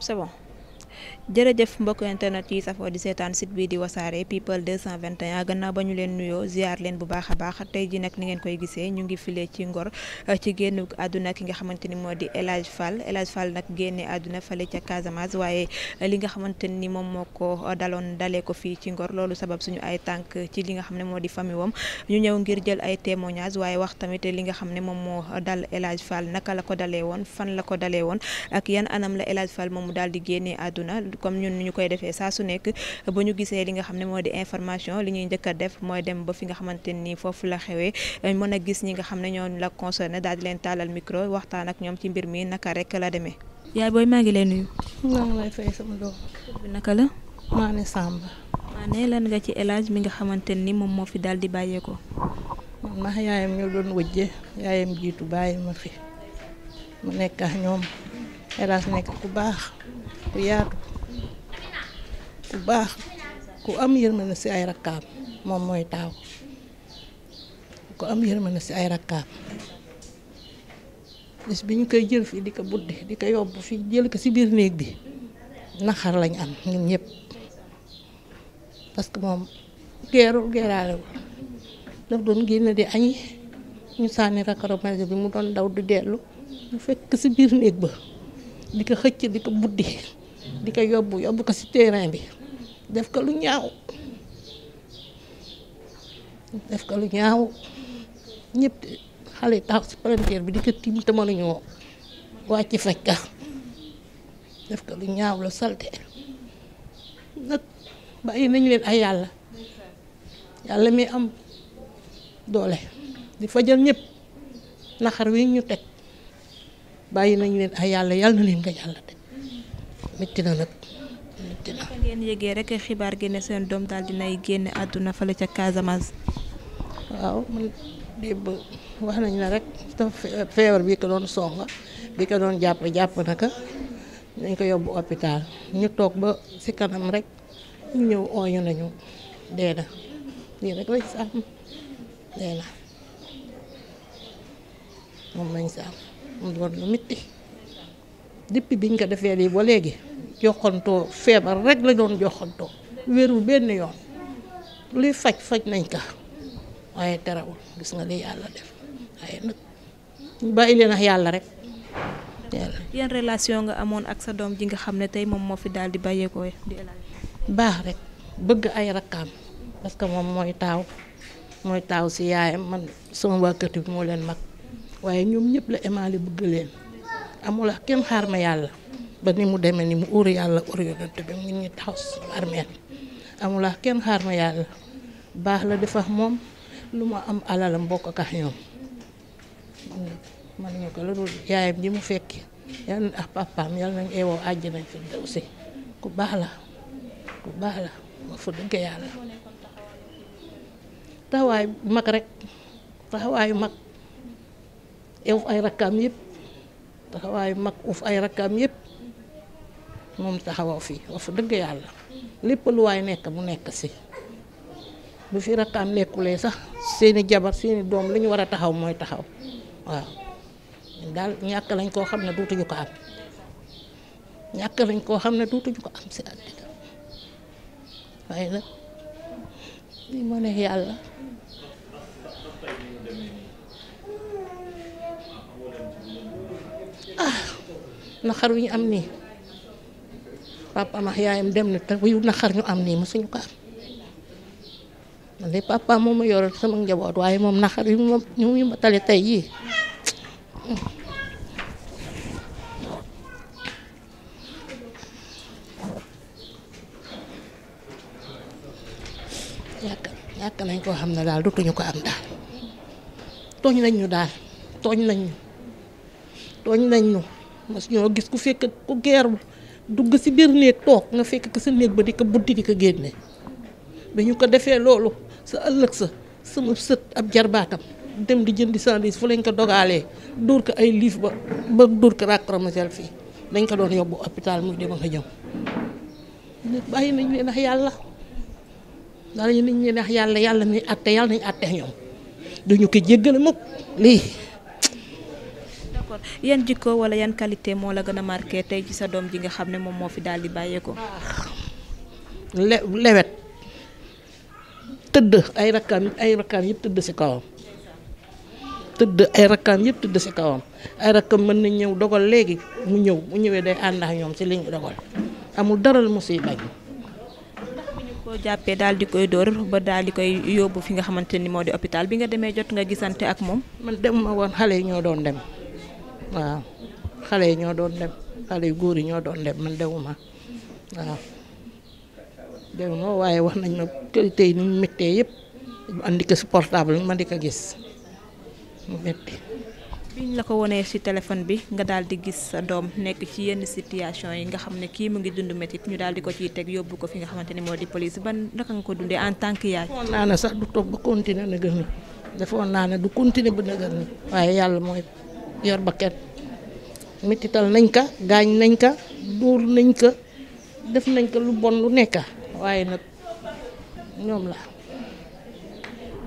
c'est jërëjëf mbokk internet yi safoo di seetaan site bii di wasaare people 221 gannaaw ba ñu leen nuyoo ziar leen bu baax a baax tey ji nag ni ngeen koy gisee ñu ngi file ci ngor eh, ci génn àdduna ki nga xamante ni moo di El Hadj Fall El Hadj Fall nag génne àdduna fale ca Casamance waaye eh, li nga xamante ni moom moo ko eh, daloon dalee ko fii ci ngor loolu sabab suñu ay tànk ci li nga xam ne moo di famille wam ñu ñëw ngir jël ay témoignages waaye wax tamit li nga xam ne moom moo dal El Hadj naka la ko dalee woon fan la ko dalee woon ak yan anam la El Hadj Fall daal di génnee àdduna comme ñun ñu koy defee saa su nekk bu ñu gisee li nga xam ne moo di information li ñuy njëkk def mooy dem ba fi nga xamante ni foofu la xewee mën a gis ñi nga xam ne ñoo la concerné daal di leen taalal micro waxtaan ak ñoom ci mbir mi naka rek la demee. yaay booy maa ngi lay nuyu. maa sama doom. naka la. Mané Samba. Mané lan ci élage mi nga xamante ni moom moo fi daal di bàyyeekoo. man ma yaayam ñoo doon wëjje yaayam jiitu bàyyi ma fi mu nekk ak ñoom élage nekk ku baax ku yaatu. ku baax ku am na si ay rakkaam moom mooy taaw ku am na si ay rakkaam bis bi ñu koy jël fii di ko buddi di ko yobbu fii jël ko si biir néeg bi naxar lañ am ñun ñëpp parce que moom geerul geeraalewul daf doon génn di añi ñu sànni rakaromage bi mu doon daw di dellu ñu fekk si biir néeg ba di ko xëcc di ko buddi di ko yobbu yóbbu ko si terrain bi def ko lu ñaaw def ko lu ñaaw ñépp xale taxaw si palanteer bi di ko tiim te mënuñoo wàcc fekk def ko lu ñaaw la salte nag bàyyi nañ leen ay yàlla yàlla mi am doole di fajal ñépp naxar wi ñu teg bàyyi nañ leen ay yàlla yàlla na leen ko yàlla teg metti na nag metti na ngeen yëgee rek xibaar gi ne seen doom daal dinay génn àdduna fale ca Casamance. waaw man démb wax nañ la rek dafa feebar bi ko doon songa bi ko doon jàpp jàpp naka dañ ko yóbbu hôpital ñu ba si kanam rek ñu ñëw ooñu nañu dee na lii rek lañ saam dee na moom lañ saam mu doon lu metti depuis biñ ko defee lii ba léegi joxantoo feebar rek la doon joxantoo wérul benn yoon luy faj faj nañ ka waaye terewul gis nga li yàlla def waaye nag bàyyi leen ak yàlla rek. yan relation nga amoon ak sa doom ji nga xam ne tey moom moo fi daal di bàyyeekoo di baax rek bëgg ay rakkaam parce que moom mooy taaw mooy taaw si yaayam man sama waa kër moo leen mag waaye ñoom ñëpp la émaale bëgg leen amul ak kenn xaar ma yàlla. ba ni mu demee ni mu uur yàlla uur yonent bi mu ngi taxaw suñu armeel amulaa kenn xaar ma yàlla baax la defax moom lu mu am alalam bokk ak ñoom man ñu ko la dul yaayam ji mu fekki yal na ak papaam yal nañ eewoo àjjana fi daw si ku baax la ku baax la ma fa dëgg yàlla taxawaay mag rek taxawaayu mag eew ay rakkaam yëpp taxawaayu mag uuf ay rakkaam yëpp moom taxawoo fii wax dëgg yàlla lépp nekk bu nekk si bu fi rakkaam lekkulee sax seeni jabar seeni doom lañu war a taxaw mooy taxaw waaw daal ñàkk lañ koo xam ne duutuñu ko am ñàkk lañ koo xam ne duutuñu ko am si àddina waaye la lii moo neex yàlla ah na xar wi ñu am nii papaam ak yaayam dem na te yu naqar ñu am nii mosuñu ko am man de papa moom ma yoroon sama njaboot waaye moom naqar yu ma ma tale tey yii yàq yàq nañ koo xam ne daal dutuñu ko am daal tooñ nañ ñu daal tooñ nañ ñu tooñ nañ ñu mas ñoo gis ku fekk ku geerbu dugg si biir néeg toog nga fekk ko sa néeg ba di ko buddi di ko génne bi ñu ko defee loolu sa ëllëg sa sama sët ab jarbaatam dem di jëndi sandwich fu lañ ko dogaalee dóor ko ay liif ba ba dóor ko racromosel fii dañ ko doon yóbbu hôpital muy dem ak ñëw bàyyi nañ leen ndax yàlla bàyyi nañ leen ndax yàlla yàlla nañ àtte yàlla nañ àtte ñoom duñu ko jéggale mukk lii accord yan jikko wala yan qualité moo la gën a marqué tey ci sa doom ji nga xam ne moom moo fi daal di bàyyeekoo. lewet tëdd ay rakkaam ay rakkaam yëpp tëdd si kawam. tëdd ay rakkam yëpp tëdd si kawam ay mën na ñëw dogal léegi mu ñëw mu ñëwee day ànd ak ñoom si li ñu dogal amul dara mu siy bañ. boo jàppee daal di koy dóor ba daal di koy yóbbu fi nga xamante ni moo di hôpital bi nga demee jot nga gisante ak moom. man dem ma woon xale yi ñoo doon dem. waaw xale yi ñoo doon dem xale yu góor yi ñoo doon dem man dewuma waaw dewuma waaye wax nañ ma kër tey ni mu méttee yëpp andi ko si portable ma di ko gis mu métti biñ la ko wonee ci téléphone bi nga daal di gis sa doom nekk ci yenn situation yi nga xam ne kii mu ngi dund métit ñu daal ko ciy teg yóbbu ko fi nga xamante ne moo di police ban naka nga ko dundee en tant que yaay. defoon naa ne sax du toog ba continuer na gën a naa ne du continuer ba na gën waaye yàlla mooy. yor ba kenn mettital nañ ka gaañ nañ ka dóor nañ ka def nañ ko lu bon lu nekk waaye nag ñoom la.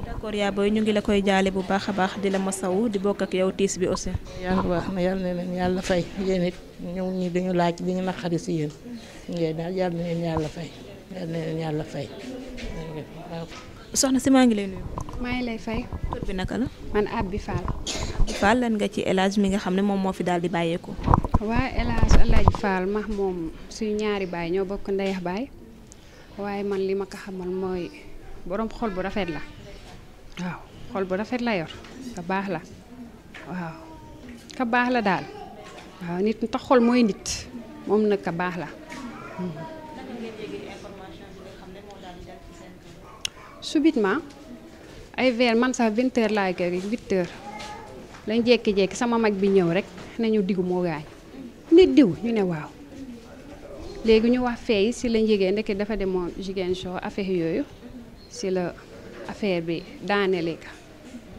d'accord yaa booy ñu ngi la koy jaale bu baax a baax di la ma masawu di bokk ak yow tiis bi aussi. yàlla baax na yàlla na leen yàlla fay yéen laaj dañu naqari si yéen fay yàlla na soxna si maa ngi lay nuyu. maa lay fay. tur bi naka la. man Abi Fall. Fall lan nga ci El mi nga xam ne moom moo fi daal di bàyyeeku. waa El Hadj Alaaji Fall max moom suñu ñaari baay ñoo bokk ndeyax baay waaye man li ma ko xamal mooy boroom xol bu rafet la waaw xol bu rafet la yor ka baax la waaw ka baax la daal waaw nit tax xol mooy nit moom nag ka baax la. su ma ay vers man sax vingt heures laay kër gi lañ jékki-jékki sama mag bi ñëw rek nañu digu moo gaañ nit diw ñu ne waaw léegi ñu wax fee si lañ yëgee ndeke dafa demoon jigéen soo affaire yooyu si la affaire bi daanele ka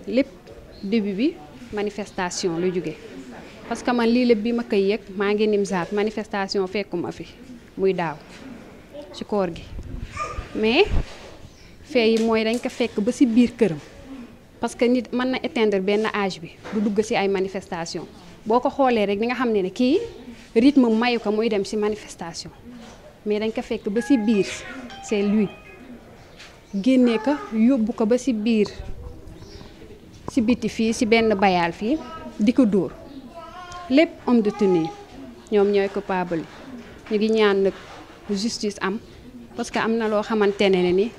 lépp début bi manifestation lu juge parce que man lii lépp bi ma koy yëg maa ngi nimsaat manifestation fekkuma fi muy daaw ci koor gi mais fee yi mooy dañ ko fekk ba si biir këram parce que nit mën na atteindre benn âge bi du dugg ci ay manifestation boo ko xoolee rek di nga xam ne ne kii rythme mayu ko muy dem ci manifestation mais dañ ko fekk ba ci biir c'est lui génnee ko yóbbu ko ba ci biir ci biti fii ci benn bayaal fii di ko dóor lépp homme de tenue ñoom ñooy coupable ñu ngi ñaan nag justice am parce que am na loo xamante ne ni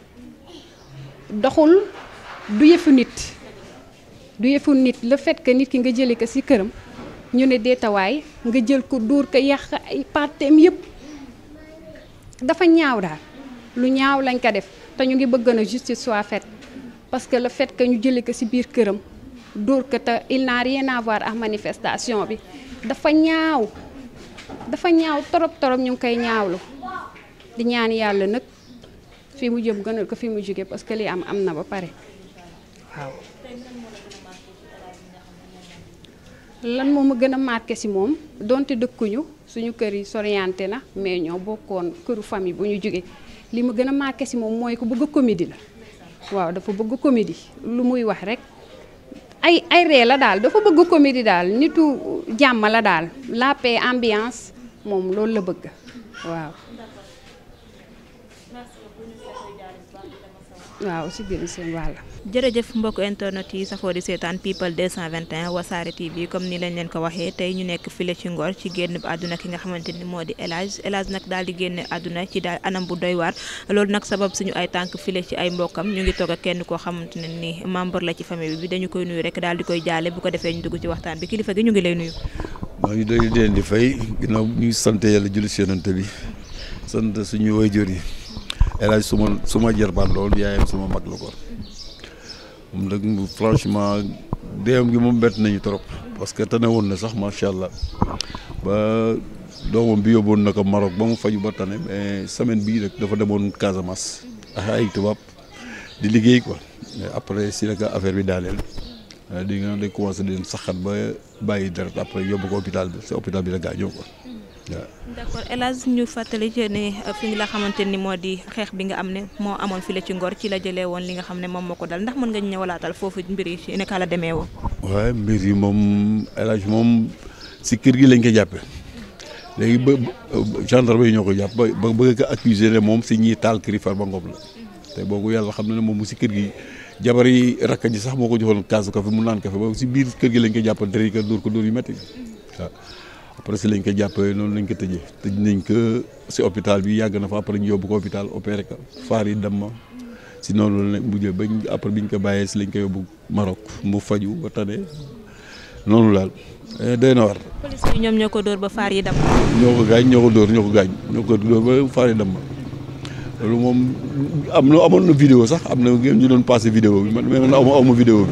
doxul du yëfu nit du yëfu nit la fait que nit ki nga jëlee ko ci këram ñu ne deetawaay nga jël ko dóor ko yàq ay parteem yëpp dafa ñaaw daal lu ñaaw lañ ko def te ñu ngi bëgg na justice soit faite parce que le fait que ñu jëlee ko ci biir këram dóor ko te il n'a rien à ak manifestation bi dafa ñaaw dafa ñaaw torop torop ñu ngi koy ñaawlu di ñaan yàlla nag fi mu jëm gënal ko fi mu jóge parce que li am am na ba pare waaw lan moom ma gën a marqué si moom donte dëkkuñu suñu kër yi soriante na mais ñoo bokkoon këru famille bu ñu jógee li ma gën a marqué si moom mooy ko bëgg comédie la waaw dafa bëgg comédie lu muy wax rek ay ay ree la daal dafa bëgg comédie daal nitu jàmm la daal la paix ambiance moom loolu la bëgg waaw waaw si biir seen wàlla jërëjëf mbokk internet yi safoo di seetaan people 221 wasaare TV comme ni lañ leen ko waxee tey ñu nekk file ci Ngor ci génn àdduna ki nga xamante ni moo di El Hadj El Hadj nag daal di génne àdduna ci daal anam bu doy waar loolu nag sabab suñu ay tànk file ci ay mbokkam ñu ngi toog ak kenn koo xamante ne ni membre la ci famille bi dañu koy nuyu rek daal di koy jaale bu ko defee ñu dugg ci waxtaan bi kilifa gi ñu ngi lay nuyu. maa ngi doon leen di fay ginnaaw ñu sant yàlla julli si yonent suñu waajur yi El suma suma jërbaat loolu yaayam suma mag la ko. moom nag franchement deewam gi moom bett nañu trop parce que tane woon na sax macha allah ba doomam bi yóbboon na ko Maroc ba mu faju ba tane mais semaine bii rek dafa demoon Casamance ak ay tubaab di liggéey ko après si la affaire bi daaneel euh, di nga day commencé di leen ba bàyyi deret après yóbbu ko hôpital bi si hôpital bi la gaañoo quoi. d' accord El Hadj ñu fàttali ci ne la euh, xamante ni moo di xeex bi nga am ne moo amoon fi la ci Ngor ci la jëlee woon li nga xam ne moom moo dal ndax mën nga ñëwalaatal foofu mbir yi naka la demee woon. mbir yi moom El Hadj moom si kër gi lañ ko jàppee léegi ba gendarme yi ñoo ko jàpp ba bëgg ko accuser ne moom si ñiy taal kër yi Farba Ngom la te boobu yàlla xam na ne moom mu si kër gi jabar yi rakk ji sax moo ko joxoon kaasu kafe mu naan kafe ba si biir kër gi lañ ko jàpp dërëy ko dóor ko dóor yu métti waaw après si lañ ko jàppee noonu lañ ko tëjee tëj nañ ko si hôpital bi yàgg na fa après ñu yóbbu ko hôpital opéré ko faar yi dem ma si noonu la bañ après biñ ko bàyyee si lañ ko yóbbu Maroc mu faju ba tane noonu laal eh, doy na war. police yi ñoom ñoo ko dóor ba faar yi dem ñoo ko gaañ ñoo dem ma loolu moom am na amoon na vidéo sax am na ngeen ñu doon passé vidéo bi man man aw ma aw ma vidéo bi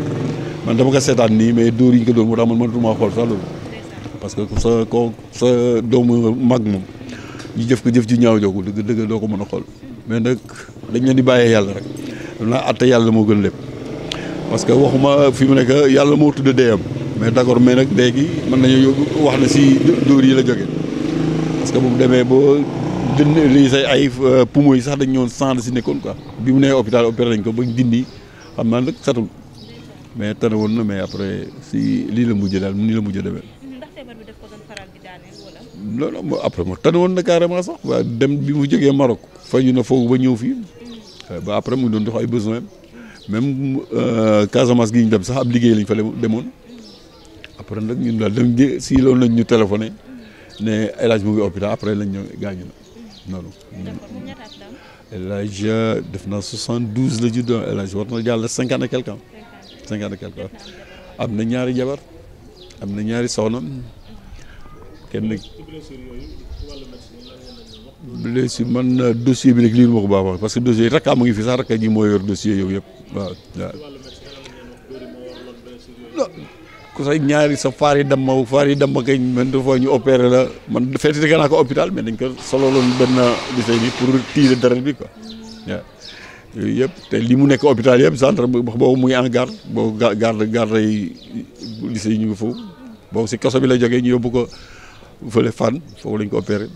man dama ko seetaan nii mais door yi ñu ko dóor moo tax man mënatuma xool sax loolu. parce que sa koo sa doomu mag moom ñu jëf ko jëf ji ñaaw joogu dëgg dëgg doo ko mën a xool mais nag dañ leen di bàyyee yàlla rek xam naa àtte yàlla moo gën lépp parce que waxuma fi mu nekk yàlla moo tudd deeyam mais d'accord mais nag dee gi mën nañu wax na si dóor yi la jóge parce que bu mu demee boo dënn lii say ay euh, poumon sax dañ ñëwoon sang si nekkoon quoi bi mu nee hôpital opéré nañ ko ba dindi xam naa nag satul mais tane woon na mais après si lii la mujjee daal nii la mujjee demee. loolu moo après mu tane woon na carrément sax waaye dem bi mu jógee Maroc ñu na foofu ba ñëw fii eh, ba après mu doon dox ay besoin même euh, Casamance gi ñu dem sax ab liggéey lañ fa demoon après nag ñu daal dem jé si loolu ñu téléphone ne El Hadj mu ngi hôpital après lañ ñëw gaañu na noonu. El Hadj euh, def na 72 la juddoo El Hadj war na jàll 50 et quelque ans. 50 et quelque am na ñaari jabar am na ñaari soxna. kenn blessure man dossier bi rek lii ma ko baax parce que dossier rek rakkaam mu ngi fi sax rakka ji moo yor dossier yow yëpp waaw waaw ku say ñaari sa faar yi damma faar yi damma kay man des ñu opéré la man feeti dëgg naa ko hôpital mais dañ ko sololoon benn lycée bi pour tiire deret bi quoi waaw yëpp te li mu nekk hôpital yëpp centre boobu mu ngi en garde boobu garde garde yi lycée yi ñu ngi boobu si kaso bi la jógee ñu yóbbu ko fële fan foofu lañ ko opéré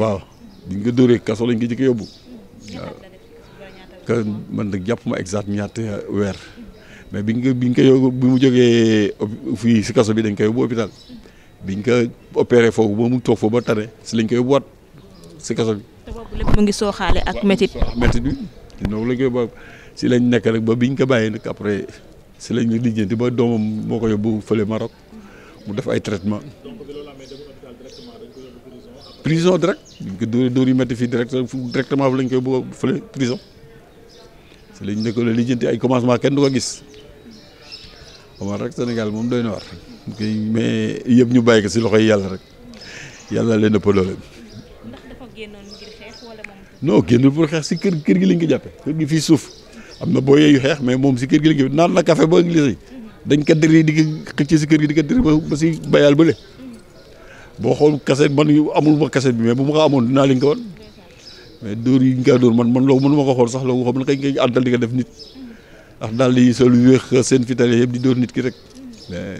waaw biñ ko dóoree kaso lañ ko jëkk yóbbu waaw que man nag jàpp ma exact ñaata weer mais bi ko biñ ko yóbbu bi mu jógee fii si kaso bi dañ ko yóbbu hôpital biñ ko opéré foofu ba mu toog foofu ba tane si lañ ko yóbbuwaat si kaso bi. te boobu lépp mu ngi sooxaale ak bi noonu la koy si lañ nekk rek ba ñu ko bàyyee nag après si lañ lijjanti ba doomam moo ko yóbbu fële Maroc. mu def ay traitement prison direct dañ ko dóor dóor yu métti fii direct directement fu lañ koy bëgg a fële prison si lañ nekk la lijjanti ay commencement kenn du ko gis rek Sénégal moom doy na koy mais yëpp ñu bàyyi si loxo yi yàlla rek yàlla leen ëpp doole non génnul pour xeex si kër kër gi lañ ko jàppe kër fii suuf am na boo yeeyu xeex mais moom si kër gi lañ ko naan na boo ba ngi dañ ko dëri di xëcc ci kër gi di ko dëri ba si bayaal bële boo xool kaset man amul ma kaset bi mais bu ma ko amoon dinaa leen ko wan mais dóor yi ñu man man loolu mënu ma ko xool sax loolu xam ne kañ koy àddal di ko def nit ndax daal di sol wéex seen fitale yëpp di dóor nit ki rek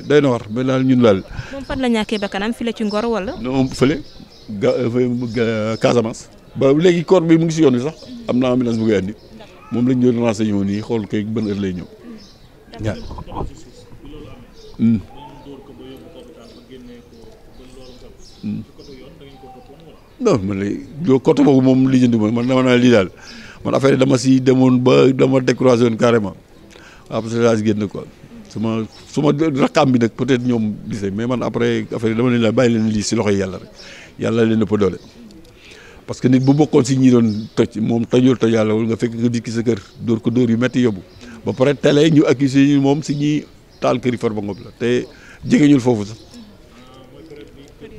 day na war mais daal ñun daal. moom fan la ñàkkee bakkanam fii la ci Ngor wala. non fële ga Casamance. ba léegi corps bi mu ngi si yoon wi sax am na ambulance bu koy andi moom lañ doon renseigné woon nii xool kay ban heure lay ñëw waaw. Hmm. Hmm. non man de côté moom lijjanti ma man dama naa lii daal man affaire dama si demoon ba dama découragé woon carrément après laa si génn quoi suma suma raqaam bi nag peut-être ñoom gisee mais man après affaire dama leen la bàyyi leen lii si loxo yi yàlla rek yàlla leen ëpp doole parce que nit bu bokkoon si ñi doon toj moom tojul toj yàlla wala nga fekk nga dikki sa kër dóor ko dóor yu metti yóbbu ba pare télé ñu accusé moom si ñi taal këri Farba Ngom la te jegeñul foofu sax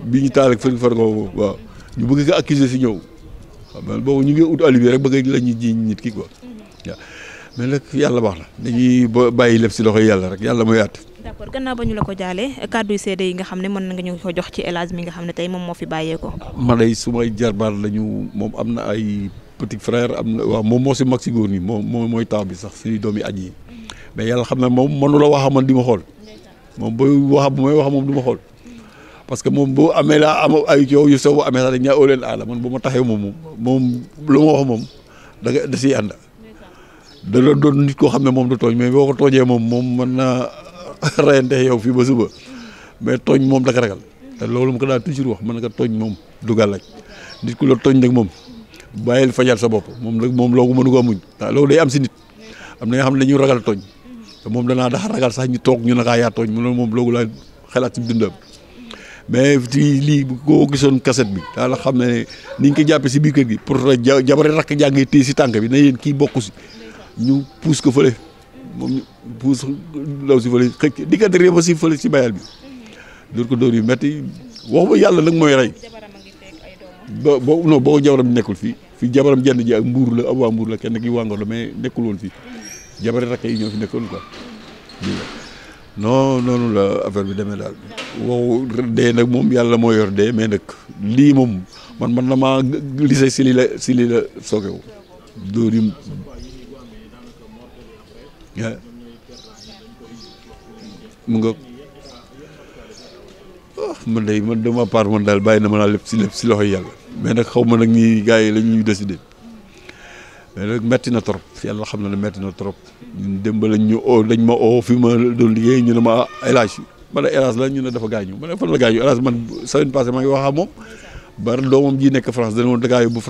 bi ñu taal ak fëri Farba Ngom waaw ñu bëgg ko accuser si ñëw xam nga boobu ñu ngi ut bi rek bëgg la ñuy ji nit ki ko mhm. waaw mais nag yàlla baax na dañuy bàyyi lépp si loxo yàlla rek yàlla mooy àtt. d'accord gannaaw ba ñu la ko jaalee kàddu yu yi nga xam ne mën na nga ñu ko jox ci élage Hadj mi nga xam ne tey moom moo fi bàyyeekoo. man day su may jarbaar lañu moom am na ay petit frère am na waaw moom moo si mag si góor ñi mooy taaw bi sax suñu doomi aj yi mais yàlla xam ne moom mënu la wax man di ma xool moom bu wax bu wax moom du ma xool parce que moom boo amee laa am ay coow yu sew amee sax dañ ñaa óoleen aala man bu ma taxee moom moom lu ma wax moom da nga da siy ànd da la doon nit koo xam ne moom du tooñ mais boo ko tooñee moom moom mën naa reyante yow fii ba suba mais tooñ moom da ragal te loolu mu ko daal toujours wax man nga tooñ moom du gàllaaj nit ku la tooñ nag moom bàyyil fajal sa bopp moom nag moom loogu mënu ko muñ waaw loolu day am si nit am na ñoo xam ne dañuy ragal tooñ te moom danaa daxa ragal sax ñu toog ñu ne kaa yaat tooñ mu ne moom loolu laa xalaat ci dundam mais ci lii koo gisoon kaset bi daala xam ne ni ñu ko jàppee si biir kër gi pour jabari rakk jàngee téye si tànk bi na yéen kii bokku si ñu puus ko fële moom ñu puus daw si fële xëcc diggante réew ba si fële si bayal bi dóor ko dóor yu métti wax yàlla nag mooy rey ba non boo jabaram nekkul fii fii jabaram jenn ji ak mbuur la ab waa mbuur la kenn ki wàngoor la mais nekkul woon fii jabari rakk yi ñoo fi nekkoon quoi non noonu la affaire bi demee daal wow dee nag moom yàlla moo yor dee mais nag lii moom man man na maa lise si lii la si lii la soogewu dóor yi mu nga oh, man day man de ma part man daal bàyyi na ma naa lépp si lépp si loxoy yàlla mais nag xaw ma nag ñi gars yi la ñuy décider mais nag metti na trop yàlla xam na ne metti na trop ñun démb ñu oo dañ ma oo fi ma doon liggéey ñu ne ma ah, El Hadj ma ne El la ñu ne dafa gaañu ma ne fan la gaañu ma ngi wax ak moom ba doomam ji nekk France dana ma da ngaa yóbbu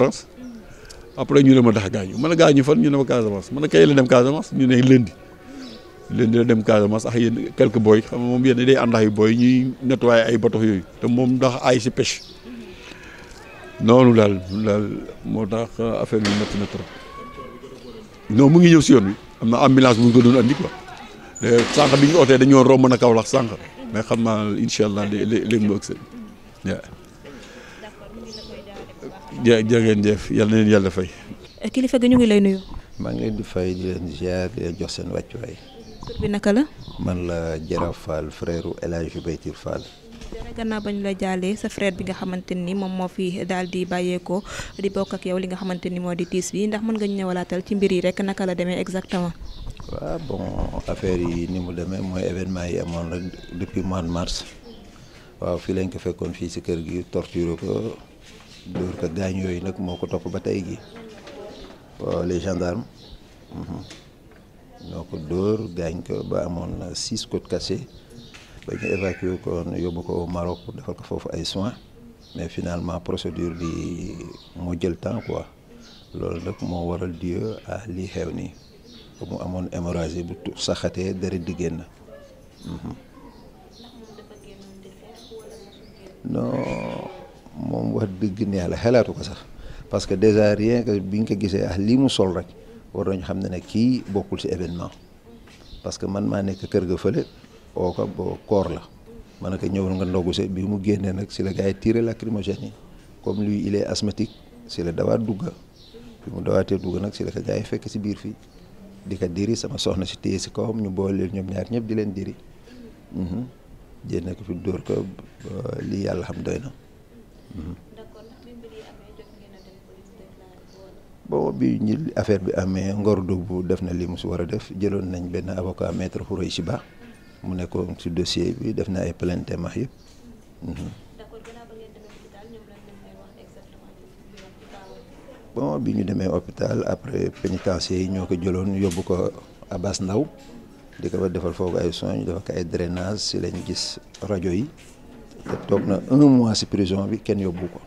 ñu ne ma dafa gaañu ma ne gaañu fan ñu ne ma Casamance ma ne kay la dem Casamance ñu ne lundi lundi la dem Casamance ak yéen quelques boy xam nga moom yéen day àndax yu boy ñuy nettoyé ay bateaux yooyu te moom ndax ay si pêche noonu daal daal moo tax affaire bi metti na trop. non mu ngi ñëw si yoon bi am na ambulance bu ñu ko doon andi quoi sànq bi ñu ootee dañoo romb na Kaolack sànq mais xam naa incha allah léegi mu ëgg seen ja jërëjëf jëf leen yàlla fay. kilifa gi ñu ngi lay maa ngi leen di fay di leen ziar jox seen wàccuwaay. tur bi naka la. man la Jara Fall frère fi bay Baytir Fall. gannaaw bañ ñu la jàllee sa frère bi nga xamante ni moom moo fi daal di bàyyeekoo di bokk ak yow li nga xamante ni moo di tiis bi ndax mën nga ñu ñëwalaatal ci mbir yi rek naka la demee exactement. waaw bon affaire yi ni mu demee mooy événement yi amoon rek depuis mois de mars waaw fii lañ ko fekkoon fii si kër gi torturé ko dóor ko gaañ yooyu nag moo ko topp ba tey gi waaw les gendarmes. Mhm, ñoo ko dóor gaañ ko ba amoon na six côtes cassées. ba ñu évacué ko yóbbu ko au Maroc defal ko foofu ay soins mais finalement procédure bi moo jël temps quoi loolu nag moo waral dieu ah lii xew nii mu amoon hémorragie bu saxatee deret di génn. Mhm. non moom wax dëgg ne yàlla xelaatu ko sax parce que déjà rien que bi ñu ko gisee ah lii mu sol rek war nañu xam ne ne kii bokkul ci événement parce que man maa nekk kër ga fële. oo ko bo koor la ma ne ko ñëwal nga ndogu se bi mu génnee nag si la gars yi tiré lacrymogène yi comme lui il mu dawaatee dugg nag si la ko gars yi fekk si biir fii di ko diri sama soxna si téye si kawam ñu boole ñoom ñaar ñëpp di leen diri jénne mhm. ko fi dóor ko lii yàlla xam doy na mhm. bon bi ñu affaire bi amee ngor bu def na li mu si war a def jëloon nañ benn avocat maître Khoureychi Ba mu nekkoon ci dossier bi def na ay plainte max yëpp. Mhm. bon bi ñu demee hôpital après pénitencier yi ñoo ko jëloon yóbbu ko Abass Ndao di ko fa defal foofu ay soins ñu defal ko ay drainage si lañ gis rajo yi te toog na un mois si prison bi kenn yóbbu ko.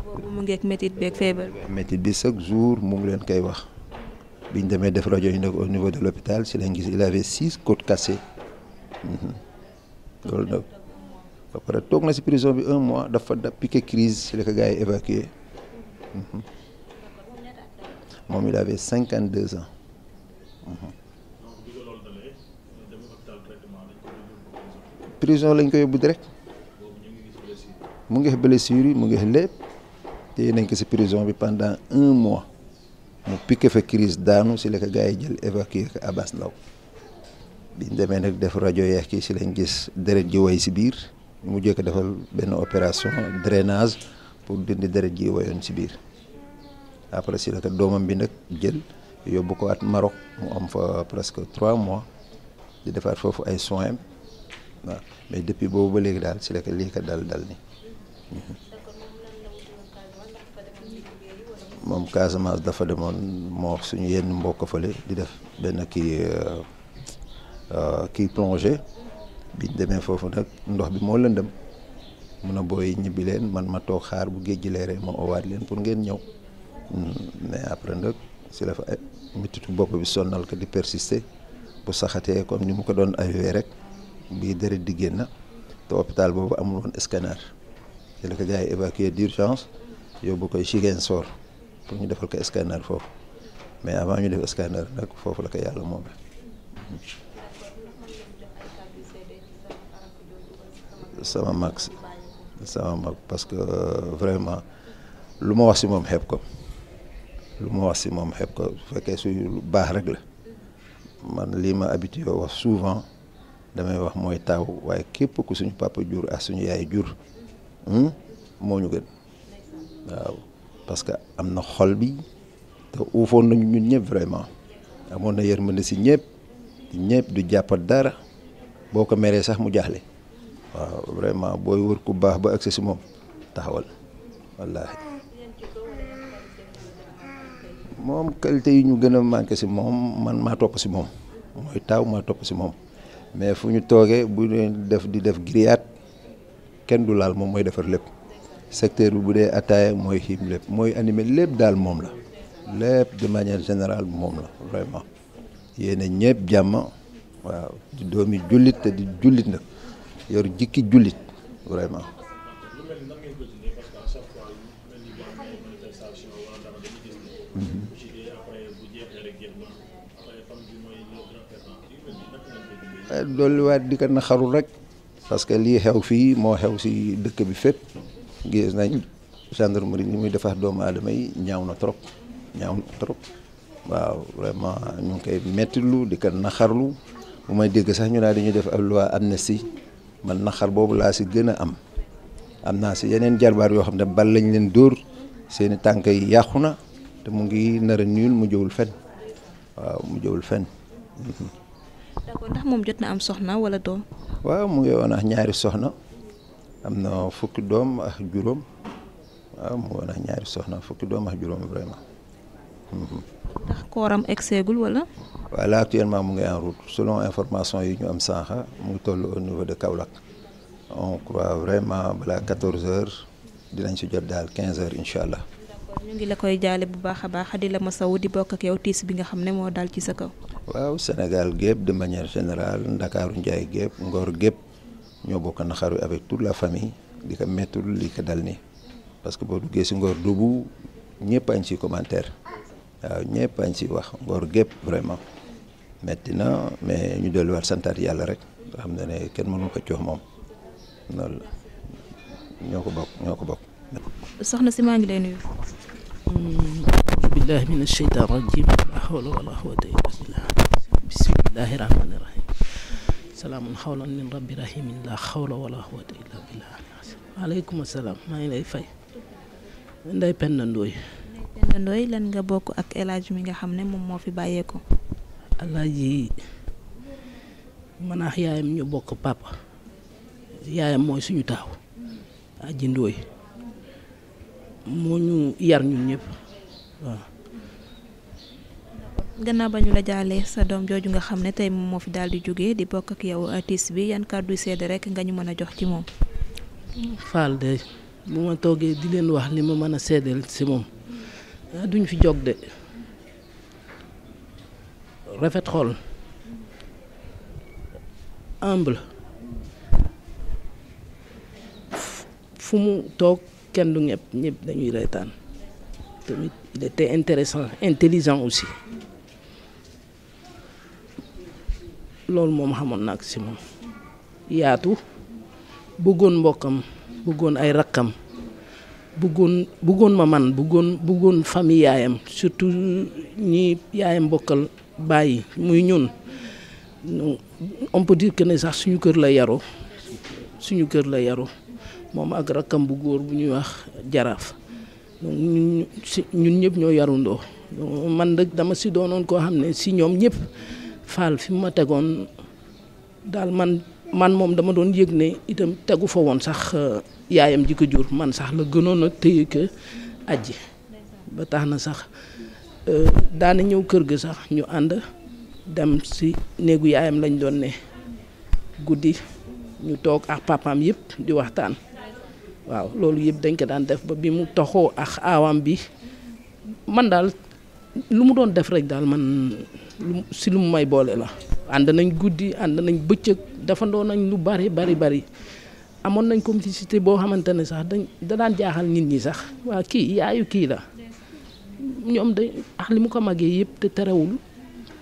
boobu mu ngeeg métit beeg feebar bi. métit jour mu ngi leen koy wax bi ñu demee def rajo yi nag au niveau de l'hôpital si lañ gis il avait six côtes cassées. Mhm. loolu nag ba toog na si prison bi un mois dafa da piqué crise si la ko gars yi évacué mhm. moom il avait cinquante deux ans. Mhm. prison lañ ko yóbbu direct mu ngi blessure yi mu ngi lépp te nañ ko si prison bi pendant un mois mu piqué fa crise daanu si la ko yi jël évacué ko Abass biñ demee nag def rajo yeex ki si lañ gis deret ji way si biir mu jëkk defal benn opération drainage pour dindi deret ji wayoon si biir après si la ko doomam bi nag jël yóbbu ko at Maroc mu am fa presque trois mois di defaat foofu ay soins waaw mais depuis boobu ba léegi daal si la ko lii ko dal dal ni moom Casamance dafa demoon moo suñu yenn mbokk fële di def benn kii euh, Euh, kii plongé biñ demee foofu nag ndox bi moo lëndëm mun a booy ñibbi leen man ma toog xaar bu géej gi leeree ma owaat leen pour ngeen ñëw hmm, mais après nag si la fa eh, mititu bopp bi sonnal ko di persister bu saxatee kon ni mu ko doon awee rek bii deret di génn te hôpital boobu amul woon scanner ci la ko gars yi évacué d'urgence yóbbu koy Ziguinchor pour ñu defal ko scanner foofu mais avant ñu def scanner nag foofu la ko yàlla moom sama mag si sama mag parce que euh, vraiment lu ma wax si moom xeeb ko lu ma wax si moom xeeb ko su fekkee suy lu baax rek la man lii ma habitué wax souvent damay wax mooy taaw waaye képp ku suñu papa jur ak suñu yaay jur hmm, moo ñu gën waaw parce que am na xol bi te uufoon nañu ñun ñëpp vraiment amoon na yërmande si ñëpp ñëpp du jàppat dara boo ko meree sax mu jaaxle. waaw vraiment booy wër ku baax ba accès si moom taxawal wallaahi moom qualité yi ñu gën a manqué si moom man maa topp si moom mooy taaw maa topp si moom mais fu ñu toogee bu ñu def di def grillade kenn du laal moom mooy defar lépp secteur bi bu dee ataaya mooy xiim lépp mooy animé lépp daal moom la lépp de manière générale moom la vraiment yéen a ñëpp jàmm waaw doomi jullit te di jullit nag. yor jikki jullit vraiment. Mm-hmm. Eh, dolliwaat di na naxarul rek parce que lii xew fii moo xew si dëkk bi fépp gis nañ gendarmerie ni muy defar doomu aadama yi ñaaw na trop ñaaw na trop waaw vraiment ñu ngi koy mettilu di na xarul bu may dégg sax ñu daal dañuy def ab loi amnistie man naxar boobu laa si gën a am am naa si yeneen jarbaar yoo xam ne bal lañ leen dóor seeni tànk yi yàqu na te mu ngi nar a mu jëwul fen waaw mu jëwul fen mhm. d'accord ndax moom jot na am soxna wala doom waaw mu ngi woon ak ñaari soxna am na fukki doom ak juróom waaw mu ngi woon ak ñaari soxna fukki doom ak juróom vraiment mhm. ndax kooram egseegul wala waaw là actuellement mu ngi en route selon information yi ñu am sànq mu ngi toll au niveau de Kaolack on croit vraiment balaa 14 heures dinañ si jot daal 15 heures incha allah. ñu ngi la koy jaale bu baax a baax di la masawu di bokk ak yow tiis bi nga xam ne moo daal ci sa kaw. waaw Sénégal gépp de manière générale Ndakaaru Njaay gépp Ngor gépp ñoo bokk naxaru avec toute la famille di mettul li ko dal ni parce que boo duggee si ngoor dubu ñëpp añ si commentaire waaw ñëpp añ wax Ngor gépp vraiment. metti na mais ñu delluwaat santaat yàlla rek nga xam ne ne kenn mënu ko coox moom loolu ñoo ko bokk ñoo ko bokk. soxna si maa ngi lay nuyu. auzu billaahi mina sheytaani rajiim laa hawla min rabbi rahiim laa hawla wa laa quwwata illaa billaah waaleykum salaam maa ngi lay fay. Ndeye Penda Ndoye. nga bokk ak El mi nga xam ne moom moo fi bàyyeekoo. alaaji man ak yaayam ñu bokk papa yaayam mooy suñu taaw aji ndooy moo ñu yar ñun ñëpp waaw. gannaaw ba ñu la jaalee sa doom jooju nga xam ne tey moom moo fi daal di jóge di bokk ak yow tiis bi yan kàddu seede rekk nga ñu mën a jox ci moom. Fall de bu ma toogee di leen wax li ma mën a seedeel si moom ah, duñ fi jóg de. rafet xol humble fu mu toog kenn du ñëpp ñëpp dañuy reetaan te intéressant intelligent aussi loolu moom xamoon naa ko si moom yaatu bëggoon mbokkam bëggoon ay rakkam bëggoon bëggoon ma man bëggoon bëggoon famille yaayam surtout ñi yaayam bokkal bàyyi muy ñun on peut dire que ne sax suñu kër la yaroo suñu kër la yaru moom ak rakkam bu góor bu ñuy wax jaraaf ñun ñun ñëpp ñoo yarundoo man nag dama si doonoon koo xam ne si ñoom ñëpp faal fi mu ma tegoon daal man man moom dama doon yëg ne itam tegu fa woon sax yaayam ji jur man sax la gënoon a téye ko aji ba tax na sax Euh, daana ñëw kër gi sax ñu ànd dem si néegu yaayam lañ doon ne guddi ñu toog ak papaam yëpp di waxtaan waaw loolu yëpp dañ ko daan def ba bi mu toxoo ak aawam bi man daal lu mu doon def rek daal man lu si lu mu may boole la. ànd nañ guddi ànd nañ bëccëg defandoo nañ lu bari bari bari amoon nañ complicité boo xamante ne sax dañ da daan jaaxal nit ñi sax waa kii yaayu kii la. ñoom de ax ah li mu ko magee yëpp te terewul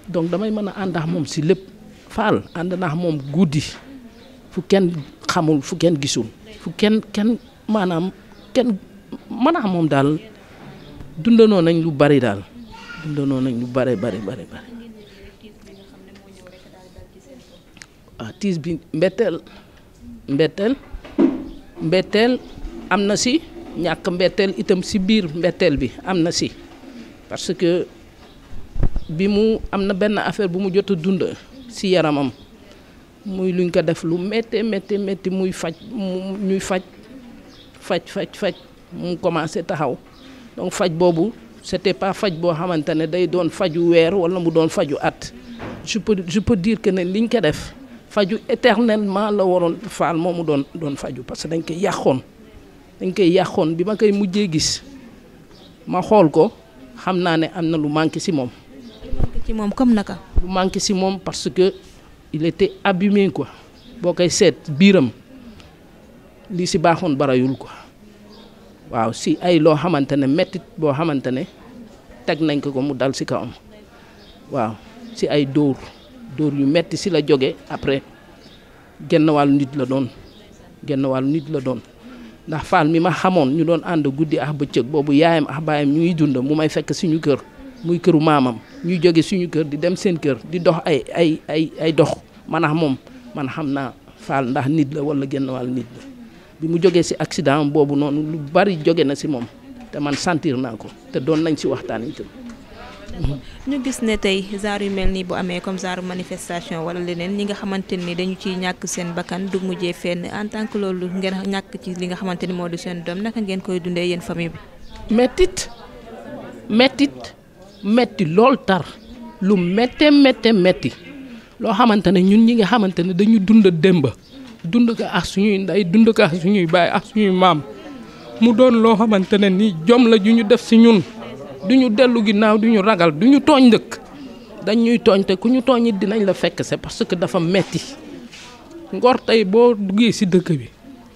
donc damay mën a ànd ak moom si lépp faal ànd naax moom guddi fu kenn xamul fu kenn gisul fu kenn kenn maanaam kenn manax moom daal dundanoo nañ lu bari daal dundanoo nañ lu bari bari bari bari ah, tiis bi mbetteel mbetteel mbetteel am na si ñàkk mbetteel itam si biir mbetteel bi am na si parce que bi mu am na benn affaire bu mu jot a dund si yaramam muy luñ ko def lu métti métti métti muy faj mu ñuy faj faj faj faj mu commencé taxaw donc faj boobu c'était pas faj boo xamante ne day doon faju weer wala mu doon faju at je peux diir peux que ne liñ ko def faju éternellement la waroon faal moomu doon doon faju parce que dañ koy yàqoon dañ koy yàqoon bi ma koy mujjee gis ma xool ko. xam naa ne am na lu manqué si moom. ci moom comme naka. lu manqué si moom parce que il était abîmé quoi boo koy seet biiram li si baaxoon barayul ko waaw si ay loo xamante ne mettit boo xamante ne teg nañ ko ko mu dal si kawam waaw si ay dóor dóor yu metti si la jóge après genn wàllu nit la doon genn wàllu nit la doon. ndax faal mi ma xamoon ñu doon ànd guddi ax bëccëg boobu yaayam ax baayam ñu ngi dund mu may fekk suñu kër muy këru maamam ñuy jóge suñu kër di dem seen kër di dox ay ay ay ay dox man ak moom man xam naa faal ndax nit la wala genn wàll nit la bi mu jógee si accident boobu noonu lu bari jóge na si moom te man sentir naa ko te doon nañ si waxtaan itam ñu gis ne tey genre yu mel nii bu amee comme genre manifestation wala leneen ñi nga xamante ni dañu ciy ñàkk seen bakkan du mujjee fenn en tant que loolu ngeen ñàkk ci li nga xamante ni moo di seen doom ngeen koy dundee yéen famille bi. mettit metti lool tar lu méttee méttee métti loo xamante ne ñun ñi nga xamante ne dañu dund démb dund ko ak suñuy ndey dund ko suñuy baay ak suñuy maam mu doon loo xamante ne nii jom la ju ñu def si ñun. du ñu dellu ginnaaw du ñu ragal du ñu tooñ dëkk dañ ñuy tooñ ku ñu tooñ dinañ la fekk c'est parce que dafa metti ngor tey boo duggee ci dëkk bi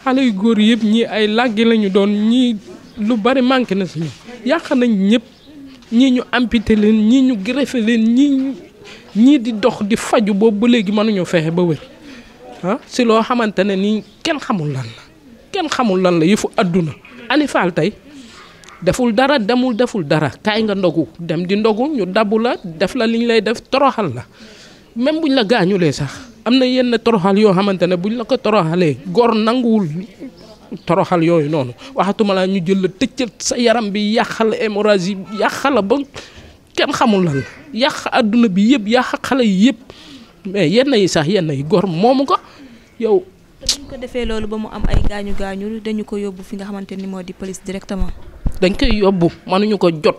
xale yu góor yëpp ñii ay làggi lañu doon ñii lu bari manqué na suñu yàq nañ ñëpp ñii ñu amputé leen ñii ñu greffé leen ñii ñii di dox di faju boobu ba léegi mënuñoo fexe ba wér si ah, loo xamante ne nii kenn xamul lan la kenn xamul lan la yëfu àdduna Aliou tey deful dara demul deful dara kaay nga ndogu dem di ndogu ñu dabu la def la li lay def toroxal la même ñu la gaañulee sax am na yenn toroxal yoo xamante ne buñ la ko toroxalee góor nanguwul toroxal yooyu noonu waxatuma la ñu jël la tëccal sa yaram bi yàqal hémorragie yàqala ba kenn xamul la lan yàq àdduna bi yëpp yàq xale yi yëpp mais yenn yi sax yenn yi góor moomu ko yow. te ko defee loolu ba mu am ay gaañu gaañu dañu ko yóbbu fi nga xamante ni moo di police directement. dañ koy yóbbu mënuñu ko jot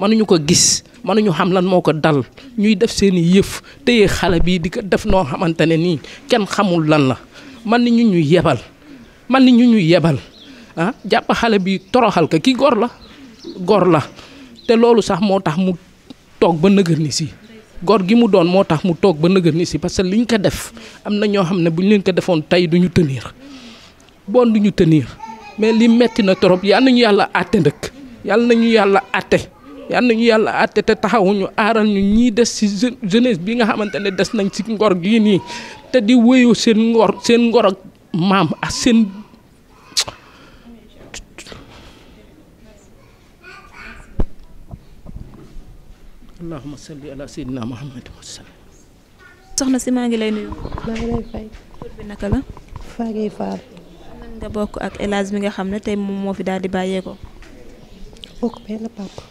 mënuñu ko gis mënuñu xam lan moo ko dal ñuy def seeni i yëf téye xale bii di ko def noo xamante ne nii kenn xamul lan la man ni ñu ñu yebal man ni ñu ñu yebal ah jàpp xale bi toroxal ko ki gor la gor la te loolu sax moo tax mu toog ba nëgër ni si gor gi mu doon moo tax mu toog ba nëgër ni si parce que liñ ko def am na ñoo xam ne bu ñu leen ko defoon tey duñu tenir bon duñu tenir mais li metti na trop yal nañu yàlla àtte ndëkk yal nañu yàlla àtte yal nañu yàlla àtte te taxawuñu aaral ñu ñii des ci jeunesse bi nga xamante ne des nañ ci ngor gi nii te di wéyu seen ngor seen ngor ak maam ak seen. allahumma soxna si maa ngi lay nuyu. maa nga bokk ak El Hadj nga xam ne tey moom moo fi daal di bàyyeekoo. ko benn papa.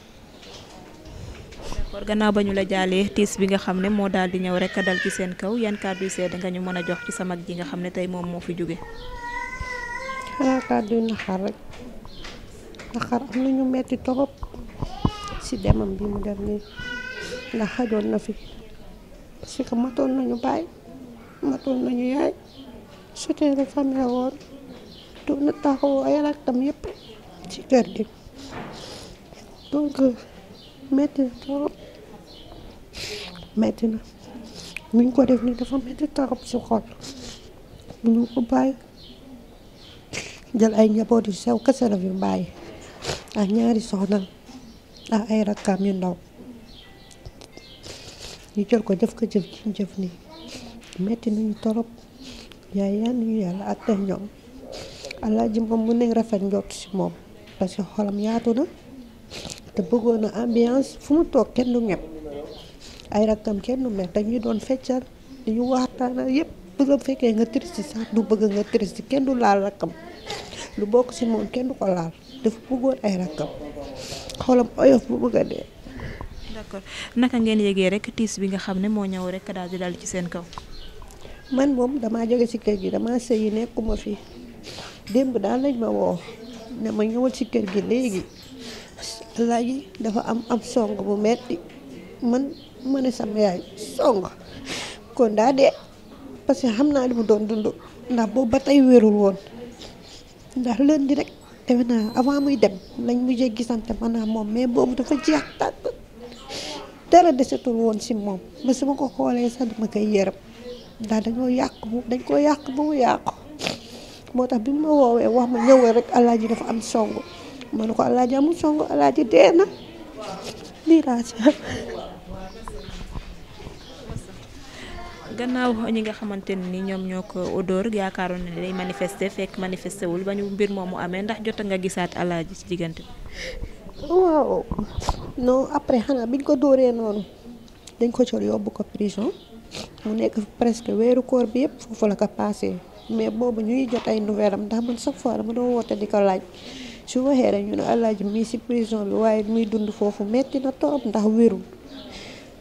d'accord gannaaw ba ñu la jaalee tiis bi nga xam ne moo daal di ñëw rek dal ci seen kaw yan kàddu yu sedd nga ñu mën a jox ci sa mag ji nga xam ne tey moom moo fi jóge xanaa kàddu naxar rek naxar am na ñu metti torop ci demam bi mu dem nii ndax xajoon na fi parce que matoon nañu baay matoon nañu yaay soutien de famille la woon doon na taxaw ay rakkam yëpp ci kër gi donc metti na trop metti na mi ko def ni dafa metti trop ci xol bu ñu ko jël ay njaboot yu sew kese la fi bàyyi ak ñaari soxna ak ay rakkam yu ndaw ñu jël ko def ko jëf ci jëf nii metti nañu torop yaay yaa ñu yàlla ak tey ñoom Alaaji moom mën nañ rafet njort si moom parce que xolam yaatu na te bëggoon na ambiance fu mu toog kenn du ay rakkam kenn du mer dañuy doon feccal dañu waxtaanal yëpp bëgg a fekkee nga triste sax du bëgg nga triste kenn du laal rakkam lu bokk si moom kenn du ko laal dafa bëggoon ay rakkam xolam oyof bu bëgg a dee. naka ngeen yëgee rekk tiis bi nga xam ne moo ñaw rek daal di dal ci seen kaw. man moom damaa jóge si kër gi damaa sëyi nekkuma fi. démb daal lañ ma woo ne ma ñëwal ci kër gi léegi alaaji dafa am am song bu metti man ma ne sama yaay song kon daa dee parce que xam naa li mu doon dund ndax boobu ba tey wérul woon ndax lën di rek defe naa avant muy dem lañ mujjee gisante maanaam moom mais boobu dafa jeex tàkk dara desetul woon si moom ba su ma ko xoolee sax dama koy yërëm ndax dañoo yàq bu dañ koo yàq bu mu yàqu moo tax bi mu ma woowee wax ma ñëwee rek alaaji dafa am song ma ne ko alaaji amul song alaaji dee na lii laa gannaaw ñi nga xamante ni ñoom ñoo ko odóor yaakaaroon ne day manifester fekk manifester wul ba ñu mbir mu amee ndax jot nga gisaat alaaji ci diggante bi. waaw non après xanaa biñ ko dóoree noonu dañ ko jël yóbbu ko prison mu nekk presque weeru koor bi yëpp foofu la ko paasee. mais boobu ñu ngi jot ay nouvelle am ndax sax chaque fois dama doon woote di ko laaj su waxee rek ñu ne laaj mii ci prison bi waaye muy dund foofu metti na torop ndax wérul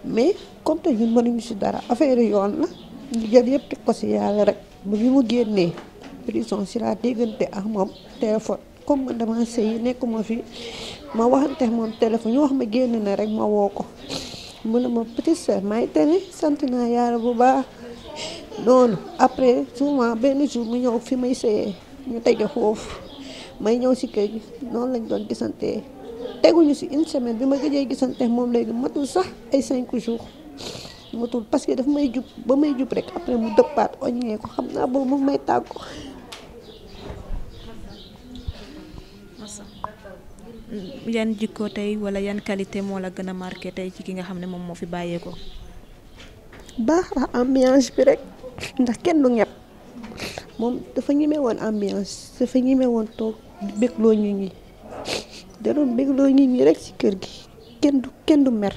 mais comme te ñun mënuñu ci dara affaire yoon la ñu jël yëpp teg ko ci yàlla rek ba bi mu génnee prison ci déggante ak moom téléphone comme man dama sëy nekkuma fi ma waxante moom téléphone ñu wax ma génn na rek ma woo ko ne ma sant naa yàlla bu baax noonu après souvent benn jour mu ñëw fi may sëyee ñu tege foofu may ñëw si kër gi noonu lañ doon gisante teguñu si une semaine bi ma gëjee gisante moom léegi matul sax ay cinq jour matul parce que daf may jub ba may jub rek après mu dëppaat oññee ko xam naa boobu moom may tàggu. Mm, yan jikko tey wala yan qualité moo la gën a marqué tey ci ki nga xam ne moom moo fi bàyyeekoo. baax ambiance bi rek. ndax kenn du ñëpp moom dafa ñeme woon ambiance dafa ñeme woon toog bégloo ñu ñi da doon bégloo ñu ñi rekk ci kër gi kenn du kenn du mer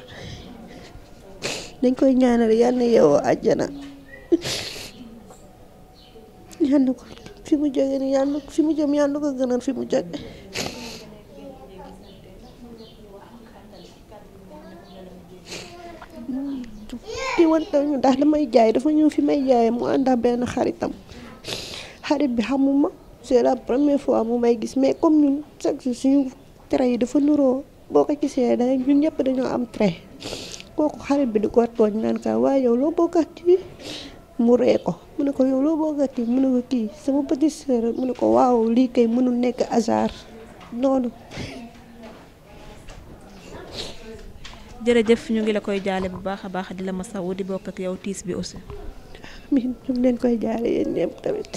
dañ koy ñaanal yàlla na yeewoo àjjana yàlla na ko fi mu jógee nii yàlla na fi mu jëm yàlla na ko gënal fi mu jógee. xamante ñu ndax damay jaay dafa ñëw fi may jaayee mu ànd ak benn xaritam xarit bi xamuma c'est la première fois mu may gis mais comme ñun chaque jour suñu trait yi dafa nuroo boo ko gisee da ñun ñëpp dañoo am trait kooku xarit bi di ko tooñ naan ka waaye yow loo bokk mu ree ko mu ne ko yow loo bokk ak mu ne kii sama petite mu ne ko waaw lii kay mënul nekk hasard noonu jërëjëf ñu ngi la koy jaale bu baax a baax di la masawu di bokk ak yow tiis bi aussi. amiin ñu leen koy jaale yéen ñëpp tamit.